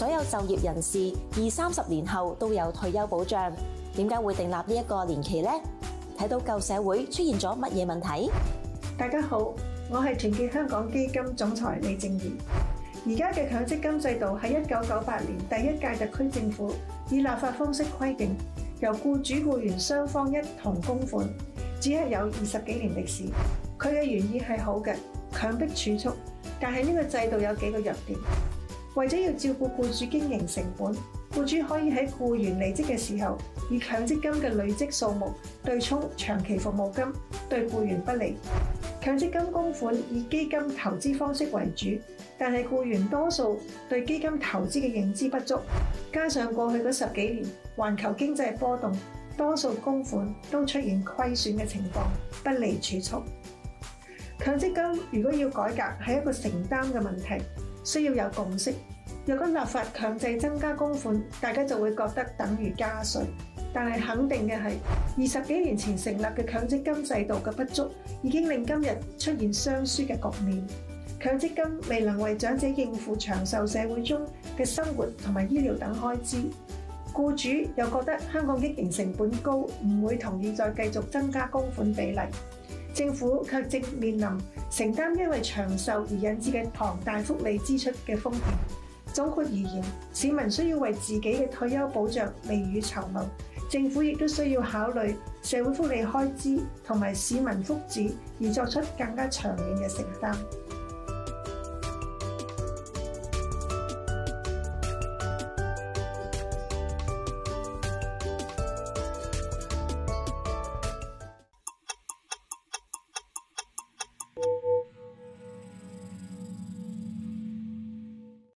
所有就業人士，二三十年後都有退休保障。點解會訂立呢一個年期呢？睇到舊社會出現咗乜嘢問題？大家好，我係團結香港基金總裁李正儀。而家嘅強積金制度喺一九九八年第一屆特區政府以立法方式規定，由雇主雇員雙方一同供款，只係有二十幾年歷史。佢嘅原意係好嘅，強迫儲蓄，但係呢個制度有幾個弱點。為咗要照顧僱主經營成本，僱主可以喺僱員離職嘅時候，以強積金嘅累積數目對沖長期服務金，對僱員不利。強積金供款以基金投資方式為主，但係僱員多數對基金投資嘅認知不足，加上過去嗰十幾年環球經濟波動，多數供款都出現虧損嘅情況，不利儲蓄。強積金如果要改革，係一個承擔嘅問題。需要有共識。若果立法強制增加供款，大家就會覺得等於加稅。但係肯定嘅係，二十幾年前成立嘅強積金制度嘅不足，已經令今日出現雙輸嘅局面。強積金未能為長者應付長壽社會中嘅生活同埋醫療等開支，僱主又覺得香港經營成本高，唔會同意再繼續增加供款比例。政府卻正面臨承擔因為長壽而引致嘅龐大福利支出嘅風險。總括而言，市民需要為自己嘅退休保障未雨綢繆，政府亦都需要考慮社會福利開支同埋市民福祉，而作出更加長遠嘅承擔。